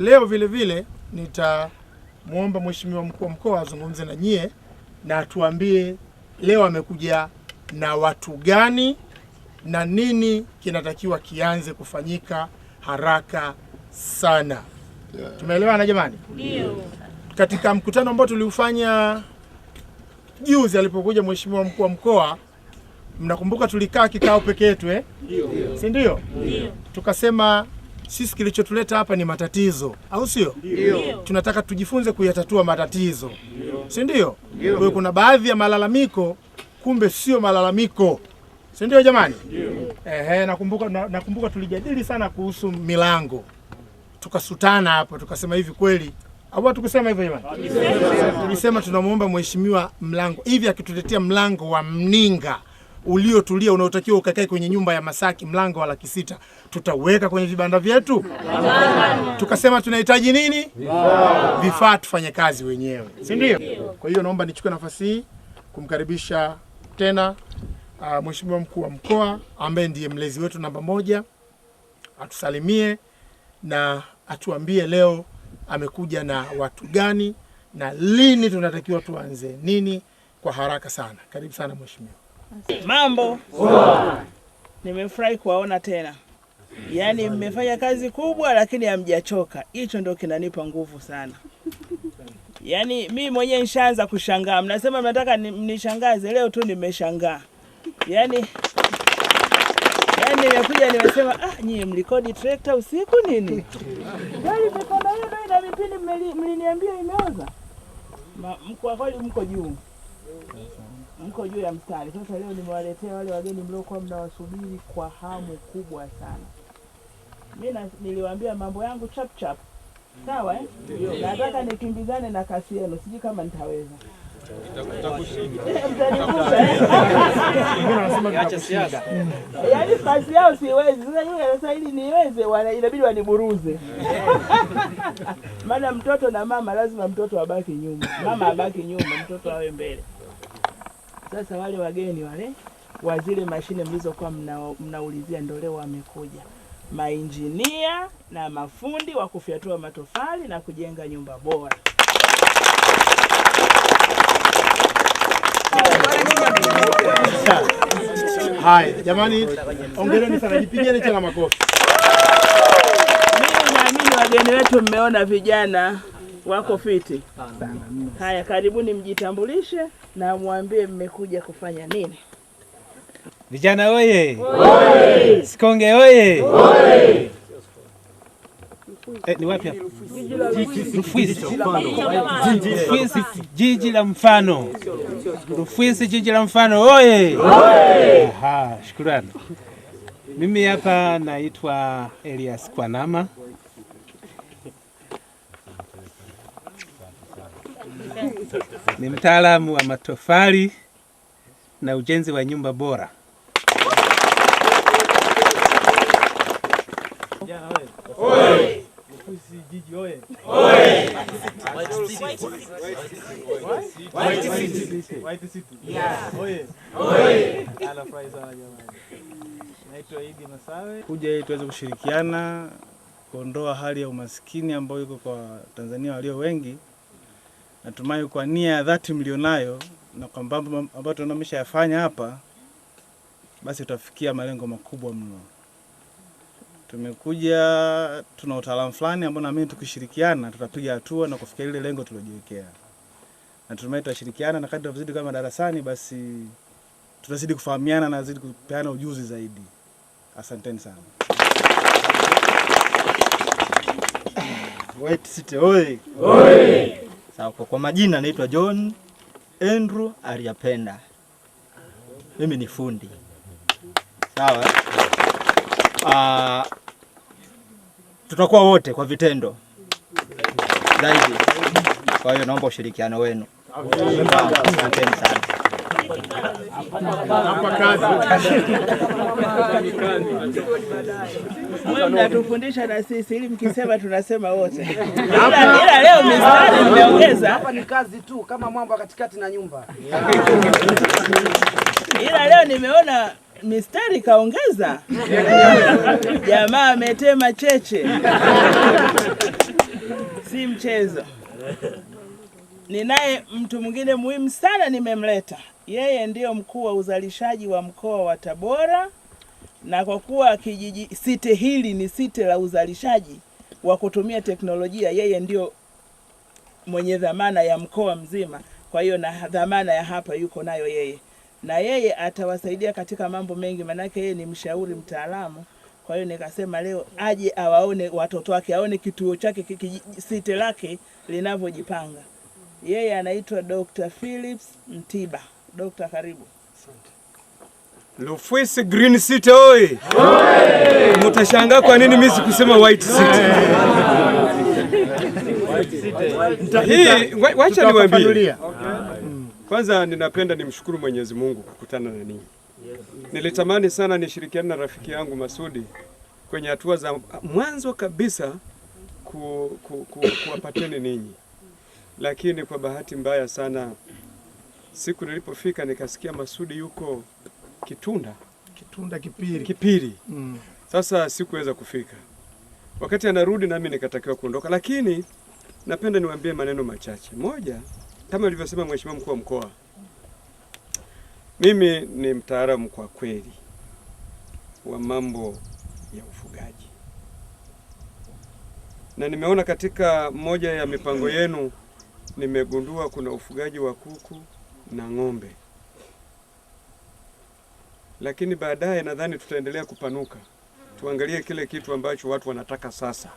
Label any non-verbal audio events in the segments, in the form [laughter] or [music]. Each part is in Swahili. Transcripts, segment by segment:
Leo vile vile nitamwomba Mheshimiwa mkuu wa mkoa azungumze na nyie na atuambie leo amekuja na watu gani na nini kinatakiwa kianze kufanyika haraka sana. Yeah. Tumeelewana jamani? Ndio. Katika mkutano ambao tuliufanya juzi alipokuja mheshimiwa mkuu wa mkoa, mnakumbuka tulikaa kikao peke yetu eh? Ndio. Si ndio? Ndio. Tukasema sisi kilichotuleta hapa ni matatizo, au sio? Tunataka tujifunze kuyatatua matatizo, si ndio? Kwa hiyo kuna baadhi ya malalamiko, kumbe sio malalamiko, si ndio jamani? Ehe, nakumbuka, nakumbuka tulijadili sana kuhusu milango, tukasutana hapo, tukasema hivi kweli au tukusema hivyo jamani? Tulisema tunamuomba mheshimiwa mlango hivi, akituletea mlango wa Mninga uliotulia unaotakiwa ukakae kwenye nyumba ya Masaki mlango wa laki sita tutauweka kwenye vibanda vyetu? Tukasema tunahitaji nini? Vifaa, tufanye kazi wenyewe, si ndio? Kwa hiyo naomba nichukue nafasi hii kumkaribisha tena uh, Mheshimiwa mkuu wa mkoa ambaye ndiye mlezi wetu namba moja atusalimie na atuambie leo amekuja na watu gani na lini tunatakiwa tuanze nini kwa haraka sana. Karibu sana mheshimiwa. Mambo Nimefurahi kuwaona tena, yaani mmefanya kazi kubwa lakini hamjachoka. Hicho ndio kinanipa nguvu sana. Yaani mi mwenyewe nishaanza kushangaa, mnasema mnataka mnishangaze, leo tu nimeshangaa. Yaani yaani nimekuja nimesema, ah, nyie mlikodi trekta usiku nini? Yaani mikono ndio ina vipindi mliniambia imeoza. Mko juu mko juu ya mstari. Sasa leo nimewaletea wale wageni mliokuwa mnawasubiri kwa hamu kubwa sana. Mimi niliwaambia mambo yangu chap chap, sawa eh? Nataka nikimbizane na kasi yenu, sijui kama nitaweza [laughs] Yaani yao siwezi. Sasa yule sasa ili niweze, inabidi waniburuze, [laughs] maana mtoto na mama, lazima mtoto abaki nyuma, mama abaki nyuma, mtoto awe mbele. Sasa wale wageni wale wa zile mashine mlizokuwa mnaulizia mna ndio leo wamekuja mainjinia na mafundi wa kufyatua matofali na kujenga nyumba bora. Haya jamani, ongereni sana, jipigeni tena makofi. Mimi naamini wageni wetu mmeona vijana wako fiti? Haya, karibuni, mjitambulishe na mwambie mmekuja kufanya nini. Vijana oye! Sikonge oye! Eh, ni wapi hapa? Rufwisi, jiji la mfano. Rufwisi, jiji la mfano oye! shukrani. Mimi hapa naitwa Elias Kwanama ni mtaalamu wa matofali na ujenzi wa nyumba bora. Kuja ili tuweze kushirikiana kuondoa hali ya umaskini ambayo iko kwa Tanzania walio wengi Natumai kwa nia ya dhati mlionayo na kwa mambo ambayo tunaona hapa, basi utafikia malengo makubwa mno. Tumekuja tuna utaalamu fulani ambao naamini tukishirikiana tutapiga hatua na kufikia ile lengo tulojiwekea. Natumai tutashirikiana na kadri tunazidi kama darasani, basi tutazidi kufahamiana na zidi kupeana ujuzi zaidi. Asanteni sana. Wait, sit, oi. Oi. Sawa, kwa majina naitwa John Andrew Ariapenda. Mimi ni fundi. Sawa. Ah, tutakuwa wote kwa vitendo zaidi. Kwa hiyo naomba ushirikiano wenu. Asanteni sana mnatufundisha na sisi, ili mkisema tunasema wote, ila leo mistari mmeongeza. Hapa ni kazi tu kama mwamba katikati na nyumba, ila leo nimeona mistari kaongeza. Jamaa ametema cheche, si mchezo. Ninaye mtu mwingine muhimu sana nimemleta. Yeye ndiyo mkuu wa uzalishaji wa mkoa wa Tabora, na kwa kuwa kijiji site hili ni site la uzalishaji wa kutumia teknolojia, yeye ndio mwenye dhamana ya mkoa mzima. Kwa hiyo na dhamana ya hapa yuko nayo yeye, na yeye atawasaidia katika mambo mengi, manake yeye ni mshauri mtaalamu. Kwa hiyo nikasema leo aje awaone watoto wake, aone kituo chake site lake linavyojipanga. Yeye anaitwa Dr. Phillips Mtiba. Dokta, karibu. Rufisi Green City oi! Mtashangaa kwa nini mimi sikusema White City. Hii wacha niwaambie. Kwanza ninapenda nimshukuru Mwenyezi Mungu kukutana na ninyi. Nilitamani sana nishirikiane na rafiki yangu Masudi kwenye hatua za mwanzo kabisa ku, ku, ku, kuwapateni ninyi, lakini kwa bahati mbaya sana Siku nilipofika nikasikia Masudi yuko Kitunda, Kitunda Kipiri, Kipiri. Mm. Sasa sikuweza kufika. Wakati anarudi nami nikatakiwa kuondoka, lakini napenda niwaambie maneno machache. Moja, kama alivyosema mheshimiwa mkuu wa mkoa, mimi ni mtaalamu kwa kweli wa mambo ya ufugaji, na nimeona katika moja ya mipango yenu nimegundua kuna ufugaji wa kuku na ng'ombe, lakini baadaye nadhani tutaendelea kupanuka, tuangalie kile kitu ambacho watu wanataka sasa.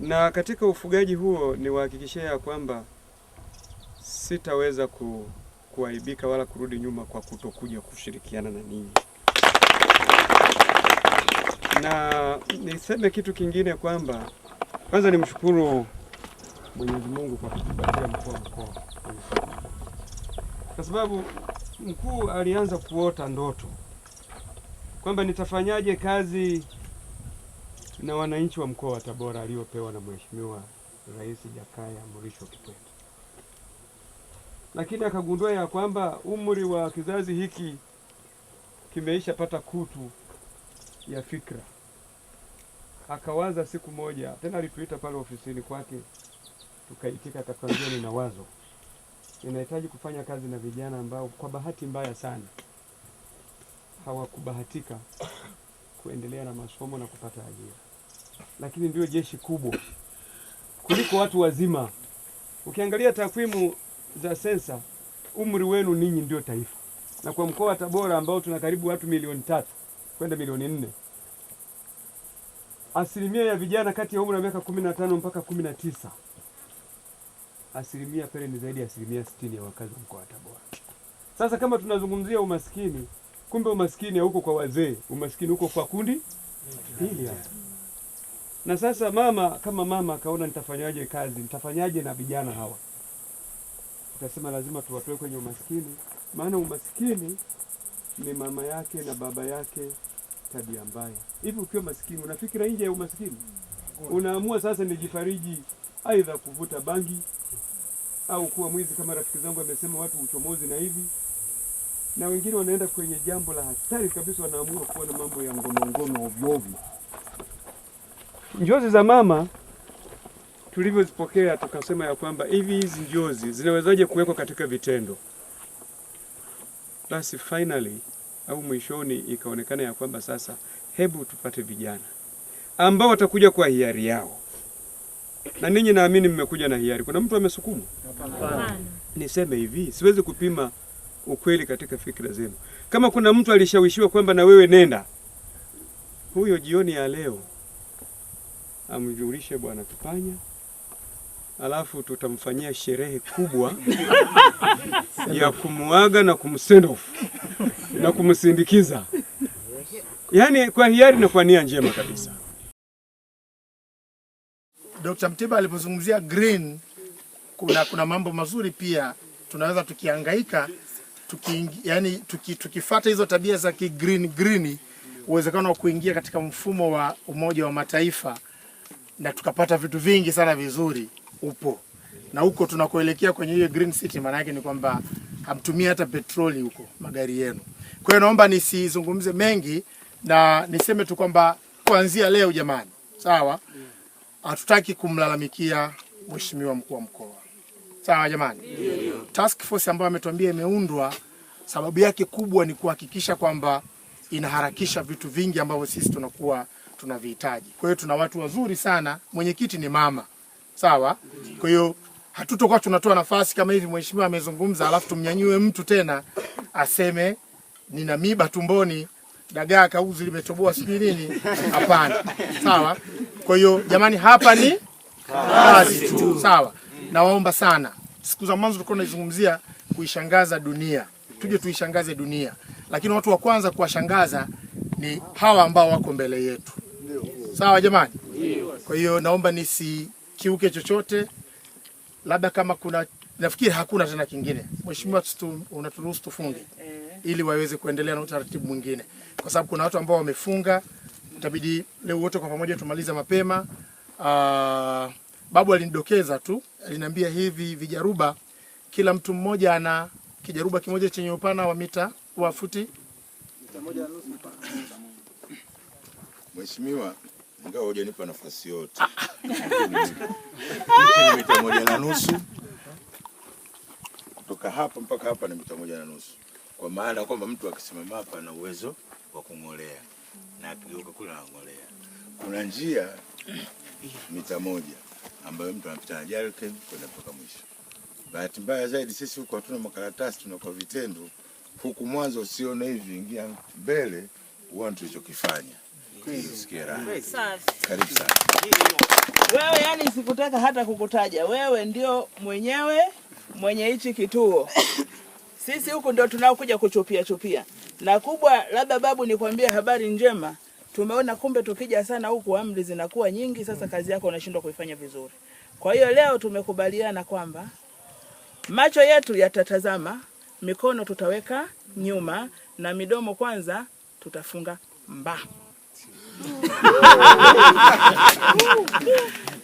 Na katika ufugaji huo niwahakikishia ya kwamba sitaweza ku, kuaibika wala kurudi nyuma kwa kutokuja kushirikiana na ninyi. Na niseme kitu kingine kwamba kwanza nimshukuru Mwenyezi Mungu kwa kutupatia mkuu wa mkoa, kwa sababu mkuu alianza kuota ndoto kwamba nitafanyaje kazi na wananchi wa mkoa wa Tabora aliopewa na Mheshimiwa Rais Jakaya Mrisho Kikwete, lakini akagundua ya kwamba umri wa kizazi hiki kimeishapata kutu ya fikra. Akawaza siku moja tena, alituita pale ofisini kwake tukaitika kaskazini nina wazo, ninahitaji kufanya kazi na vijana ambao kwa bahati mbaya sana hawakubahatika kuendelea na masomo na kupata ajira, lakini ndio jeshi kubwa kuliko watu wazima. Ukiangalia takwimu za sensa, umri wenu ninyi ndio taifa, na kwa mkoa wa Tabora ambao tuna karibu watu milioni tatu kwenda milioni nne asilimia ya vijana kati ya umri wa miaka kumi na tano mpaka kumi na tisa asilimia pale ni zaidi ya asilimia sitini ya wakazi wa mkoa wa Tabora. Sasa kama tunazungumzia umaskini, kumbe umaskini hauko kwa wazee, umaskini huko kwa kundi hili hapa. Na sasa mama kama mama akaona nitafanyaje kazi, nitafanyaje na vijana hawa? Utasema lazima tuwatoe kwenye umaskini, maana umaskini ni mama yake na baba yake tabia mbaya. Hivi ukiwa maskini unafikira nje ya umaskini, unaamua sasa nijifariji, aidha kuvuta bangi au kuwa mwizi kama rafiki zangu amesema, watu uchomozi na hivi na wengine wanaenda kwenye jambo la hatari kabisa, wanaamua kuwa na mambo ya ngono ngono Njozi za mama tulivyozipokea tukasema ya kwamba hivi hizi njozi zinawezaje kuwekwa katika vitendo? Basi finally au mwishoni ikaonekana ya kwamba sasa, hebu tupate vijana ambao watakuja kwa hiari yao na ninyi naamini mmekuja na hiari. Kuna mtu amesukumwa? Hapana. Niseme hivi, siwezi kupima ukweli katika fikra zenu. Kama kuna mtu alishawishiwa kwamba na wewe nenda, huyo jioni ya leo amjulishe Bwana Kipanya, alafu tutamfanyia sherehe kubwa [laughs] ya kumuaga na kumsend off na kumsindikiza, yaani kwa hiari na kwa nia njema kabisa. Dr. Mtiba alipozungumzia green, kuna, kuna mambo mazuri pia tunaweza tukiangaika tuki, yani, tuki, tukifuata hizo tabia za ki green green, uwezekano wa kuingia katika mfumo wa Umoja wa Mataifa na tukapata vitu vingi sana vizuri upo na huko tunakoelekea kwenye hiyo green city, maana yake ni kwamba hamtumii hata petroli huko magari yenu. Kwa hiyo naomba nisizungumze mengi na niseme tu kwamba kuanzia leo, jamani, sawa hatutaki kumlalamikia mheshimiwa mkuu wa mkoa. Sawa jamani, task force ambayo ametuambia imeundwa, sababu yake kubwa ni kuhakikisha kwamba inaharakisha vitu vingi ambavyo sisi tunakuwa tunavihitaji. Kwa hiyo tuna watu wazuri sana, mwenyekiti ni mama. Sawa, kwa hiyo hatutokuwa tunatoa nafasi kama hivi, mheshimiwa amezungumza alafu tumnyanyue mtu tena aseme nina miba tumboni dagaa kauzi limetoboa sijui nini. Hapana, sawa. Kwa hiyo jamani, hapa ni kazi tu, sawa. Nawaomba sana, siku za mwanzo tulikuwa tunaizungumzia kuishangaza dunia, tuje tuishangaze dunia, lakini watu wa kwanza kuwashangaza ni hawa ambao wako mbele yetu, sawa jamani. Kwa hiyo naomba nisikiuke chochote, labda kama kuna nafikiri hakuna tena kingine. Mheshimiwa, unaturuhusu tufunge ili waweze kuendelea na utaratibu mwingine kwa sababu kuna watu ambao wamefunga, itabidi leo wote kwa pamoja tumalize mapema. Aa, ah, babu alinidokeza tu, aliniambia hivi vijaruba, kila mtu mmoja ana kijaruba kimoja chenye upana wa mita wa futi Mheshimiwa, ingawa hujanipa nafasi yote ah. mita moja na nusu kutoka hapa mpaka hapa ni mita moja na nusu, kwa maana kwamba mtu akisimama hapa ana uwezo wa kung'olea na akigeuka kule anang'olea. Kuna njia mita moja ambayo mtu anapita na jerrycan kwenda mpaka mwisho. Bahati mbaya zaidi sisi huku hatuna makaratasi, tuna kwa vitendo. Huku mwanzo usione hivi, ingia mbele uone tulichokifanya. Karibu sana wewe, yani sikutaka hata kukutaja wewe, ndio mwenyewe mwenye hichi kituo. [coughs] Sisi huku ndio tunaokuja kuchupia chupia na kubwa, labda babu, nikwambie habari njema. Tumeona kumbe tukija sana huku amri zinakuwa nyingi, sasa kazi yako unashindwa kuifanya vizuri. Kwa hiyo leo tumekubaliana kwamba macho yetu yatatazama, mikono tutaweka nyuma, na midomo kwanza tutafunga mba [laughs]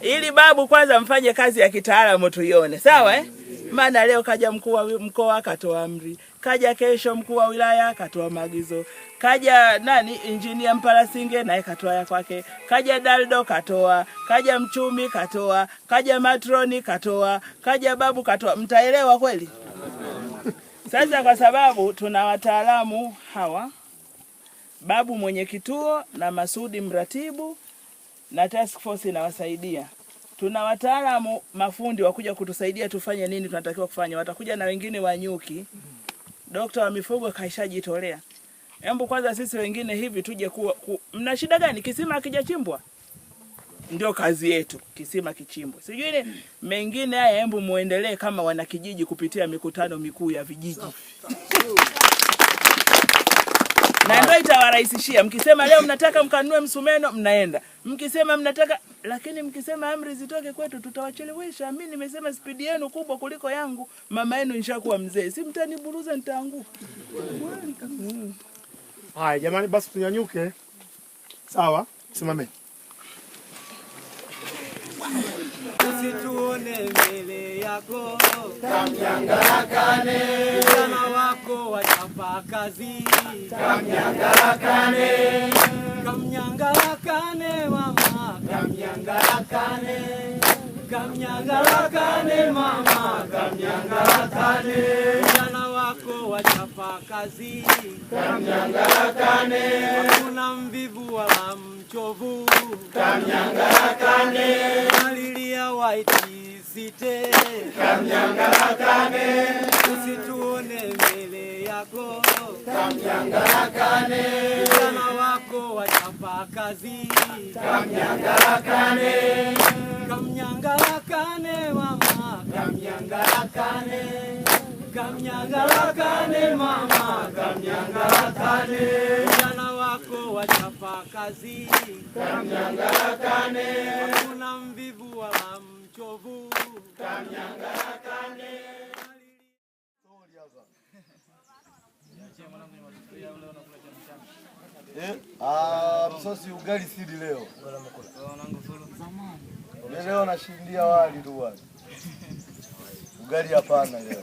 ili babu kwanza mfanye kazi ya kitaalamu tuione, sawa eh? Maana leo kaja mkuu wa mkoa akatoa amri, kaja kesho mkuu wa wilaya katoa maagizo, kaja nani injinia Mpalasinge naye katoa ya kwake, kaja Daldo katoa, kaja mchumi katoa, kaja matroni katoa, kaja babu katoa. Mtaelewa kweli? Sasa kwa sababu tuna wataalamu hawa, babu mwenye kituo na Masudi mratibu na task force inawasaidia tuna wataalamu mafundi wakuja kutusaidia tufanye nini tunatakiwa kufanya. Watakuja na wengine wanyuki Dokta wa mifugo kaishajitolea. Hebu kwanza sisi wengine hivi tuje kuwa ku, mna shida gani? Kisima hakijachimbwa ndio kazi yetu, kisima kichimbwe, sijui ni mengine haya. Hebu muendelee kama wanakijiji kupitia mikutano mikuu ya vijiji. Hiyo itawarahisishia. Mkisema leo mnataka mkanunue msumeno, mnaenda. Mkisema mnataka, lakini mkisema amri zitoke kwetu, tutawachelewesha. Mimi nimesema spidi yenu kubwa kuliko yangu, mama yenu nishakuwa mzee, si mtaniburuza, nitaanguka. Haya jamani, basi tunyanyuke, sawa? Simameni. nasi tuone mbele yako, kamnyangarakane. kijana wako wachapa kazi, kamnyangarakane, kamnyangarakane mama, kamnyangarakane, kamnyangarakane mama, kamnyangarakane wachapa kazi Kamnyanga kane, kuna mvivu wala mchovu Kamnyanga kamnyangalakane, alilia waitisite kane, usituone mbele yako Kamnyanga kane, vijana wako wachapa kazi Kamnyanga kane, kamnyangalakane, kamnyangalakane mama kane Kamnyangalakane mama, kamnyangalakane vijana wako wachapa kazi, kamnyangalakane hakuna mvivu wala mchovu, kamnyangalakane Eh, ah, ugali sidi leo. Leo nashindia wali tu Ugali hapana leo.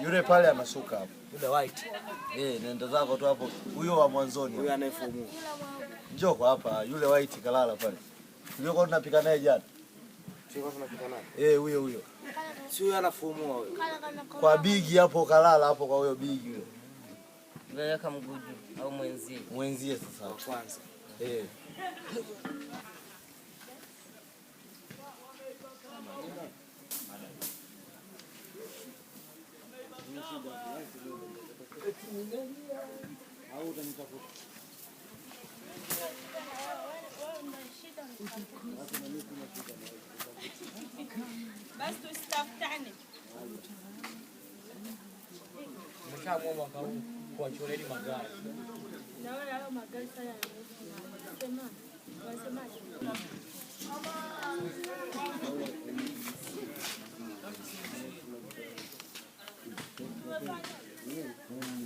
Yule pale amesuka hapo. Yule white. Eh, nenda zako tu hapo. Huyo wa mwanzoni. Huyo anayefumua. Njoo kwa hapa, yule white kalala pale. ndio kwa tunapika naye jana. Sio kwa tunapika naye. Eh, huyo huyo. Si huyo anafumua huyo. Kwa bigi hapo kalala hapo kwa huyo bigi yule. Naweka mguju au mwenzie. Mwenzie sasa. Kwanza. Eh. Basi tusitafutane. Mshamu mwaka huu kuwachoreni magari. Naona hayo magari sana yanasema wasemaje? Thank you.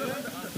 Welcome.